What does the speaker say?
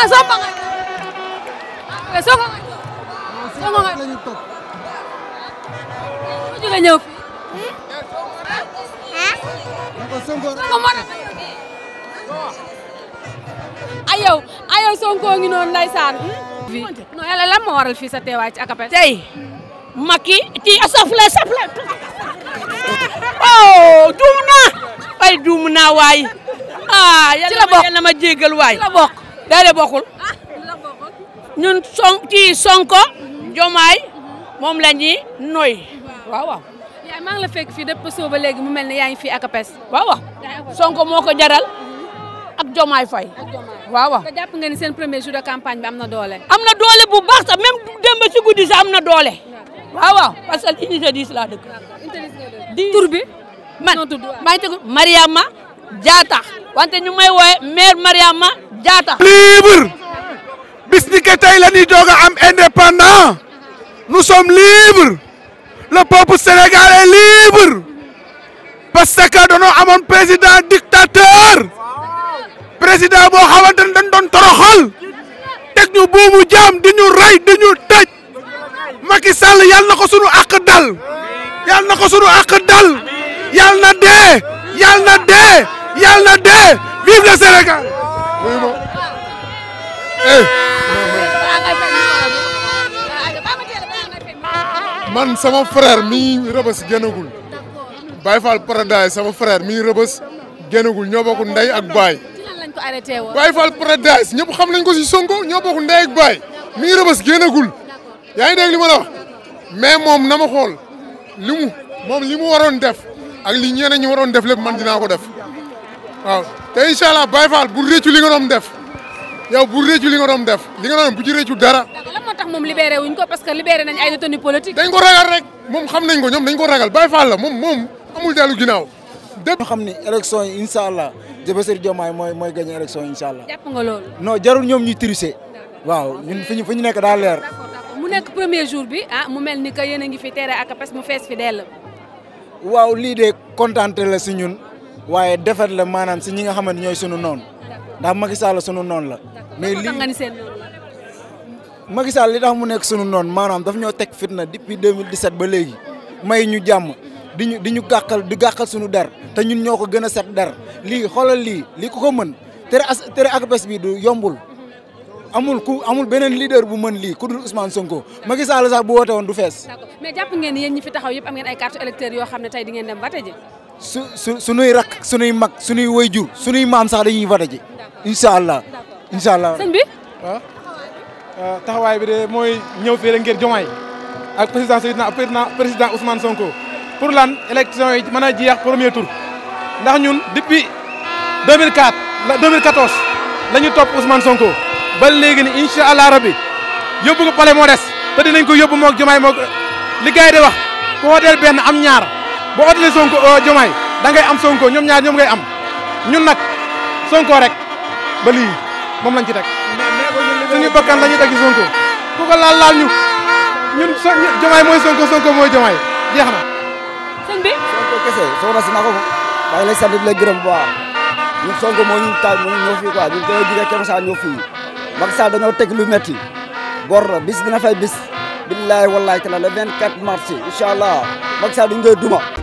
xanaa soppa nga nga soppa nga soppa nga lañu tok mu juga ñew fi ko akapel maki ti asafle safle oh dumna ay dumna way ah yalla ya, ma jégal way la bok déedéet bokul, ah, ñun son ci Sonko. jomay mom la ñuy noy waaw waaw. yaay ma nga la fekk fi depp soba ba mu melni yaay fi ngi fii ak APES. waaw waaw Sonko moko jaral. ak jomay Fay. waaw waaw. da japp nga ni sen premier jour de campagne bi amna doole. amna doole bu baax sa même démb ci goudi sa amna doole. waaw waaw parce que unité dis la dëkk. di bi. man may tegu Mariama Jata. wante ñu may woy maire Mariama jaata libre bis ni ke tay la am indépendant nous sommes libres le peuple sénégal est libre parce que dono amone président dictateur président bo xamante dañ don toroxal tek ñu buumu jam di ñu ray di ñu tej Macky Sall yal nako suñu ak dal yàlla nako suñu ak dal na dé na dé na dé vive le Sénégal wuyu eh. man sama frère mi rëbës génnagul Baye Fall Paradise sama frère mi rëbës génnagul ñoo bokk ndey ak baay. Baye Fall Paradise ñëpp xam nañ ko si Sonko ñoo bokk ndey ak baay mi rëbës génnagul yaa ngi dégg li ma mais moom na ma xool li mu moom li mu waroon def ak li ñeneen ñi waroon def lépp man dinaa ko def waaw. te inshallah allah Fall bu réccu li nga doon def yow bu réccu li nga doon def li nga doon bu ci réccu dara. la motax mom moom libéré wuñ ko parce que libéré nañ ay détenu politique dañ ko ragal rek mom xam nañ ko ñom dañ ko ragal Baye Fall la mom mom amul dalu ginaaw de xam ni élection inshallah incha allah Bassirou Diomaye moy mooy gagné élection inshallah japp allah. nga lool non jarul ñom ñu tricher. waaw ñun fiñu fiñu nek da leer. mu nek premier jour bi ah mu mel ka yeena ngi fi téré ak pass mu fess fi del waaw li de kontaan la si ñun waye defet la manam ci ñinga xamanteni ñoy suñu sunu ndax Macky Sall suñu non la. mais li Macky Sall li tax mu nek sunu non manam daf ñoo tek fitna depuis 2017 ba léegi may ñu jamm di ñu di ñu gakkal di gàkkal sunu dar, te ñun ñoko gëna gën a set der li xoolal lii ko mën tere ak bi du yombul. amul ku amul benen leader bu mën li kudul Ousmane Sonko Macky Sall sax bu woote won du fess mais japp ngeen yeen ñi fi taxaw am ngeen ay carte électeur yo xam tay di ngeen dem batay su su sunuy rak sunuy mag sunuy wayjur sunuy maam sax dañuy voté ji incha allah incha allah sëñ bi ah. Ah, taxawaay bi de mooy ñëw fii rek ngir jomaay ak président Seydina président président Ousmane Sonko pour lan élection yi mën a premier tour ndax ñun depuis 2004 la 2014 la top topp Ousmane Sonko ba léegi ni incha allah rabbi yóbbu ko pale moo des te dinañ ko yóbbu moog jomaay moog li gars yi di wax ku wooteel benn am ñaar boo ootale Sonko euh, Diomaye dangay am Sonko ñoom ñaar ñoom ngay am ñun nag Sonko rek ba lii moom lañ ci teg suñu bakkan la ñuy teg ci Sonko ku ko laal laal ñu ñun so Diomaye mooy Sonko Sonko mooy Diomaye jeex na. sëñ bi. Sonko kese soxna si na ko maa ngi lay sant la gërëm bu baax ñun Sonko moo ñu taal moo ñu ñëw fii quoi ñun dañoo jugee Kër Massar ñëw fii Macky Sall dañoo teg lu metti bor la bis dina fay bis. billahi wallahi taala le 24 mars incha allah Macky Sall duñ